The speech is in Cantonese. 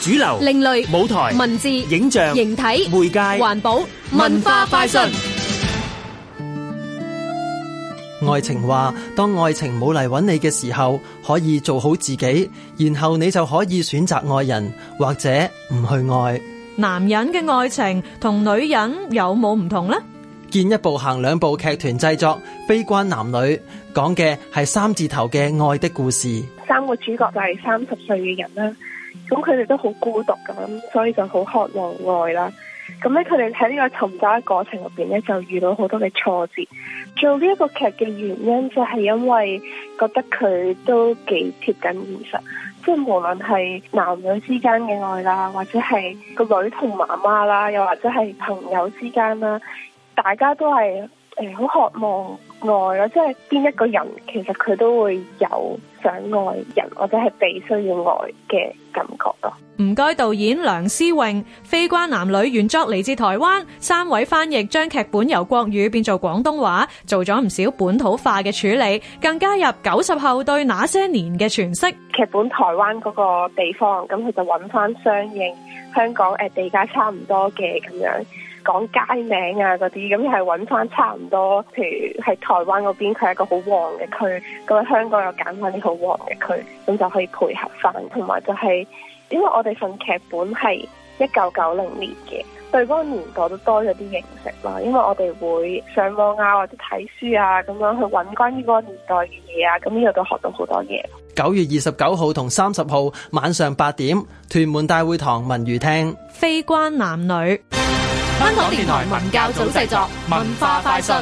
主流、另類舞台、文字、影像、形體、媒介、環保、文化快訊。愛情話：當愛情冇嚟揾你嘅時候，可以做好自己，然後你就可以選擇愛人，或者唔去愛。男人嘅愛情同女人有冇唔同呢？見一步行兩步，劇團製作，非關男女，講嘅係三字頭嘅愛的故事。三個主角就係三十歲嘅人啦。咁佢哋都好孤獨咁，所以就好渴望愛啦。咁咧，佢哋喺呢個尋找嘅過程入邊咧，就遇到好多嘅挫折。做呢一個劇嘅原因，就係因為覺得佢都幾貼近現實，即係無論係男女之間嘅愛啦，或者係個女同媽媽啦，又或者係朋友之間啦，大家都係。誒，好、欸、渴望愛咯，即係邊一個人，其實佢都會有想愛人或者係被需要愛嘅感覺咯。唔該，導演梁思穎，非關男女原作嚟自台灣，三位翻譯將劇本由國語變做廣東話，做咗唔少本土化嘅處理，更加入九十後對那些年嘅詮釋。劇本台灣嗰個地方，咁佢就揾翻相應香港誒地價差唔多嘅咁樣。講街名啊，嗰啲咁又係揾翻差唔多，譬如喺台灣嗰邊，佢係一個好旺嘅區，咁喺香港又揀翻啲好旺嘅區，咁就可以配合翻。同埋就係因為我哋份劇本係一九九零年嘅，對嗰個年代都多咗啲認識啦。因為我哋會上網啊，或者睇書啊，咁樣去揾關於嗰個年代嘅嘢啊，咁呢度都學到好多嘢。九月二十九號同三十號晚上八點，屯門大會堂文娛廳，非關男女。香港電台文教組製作，文，文化快訊。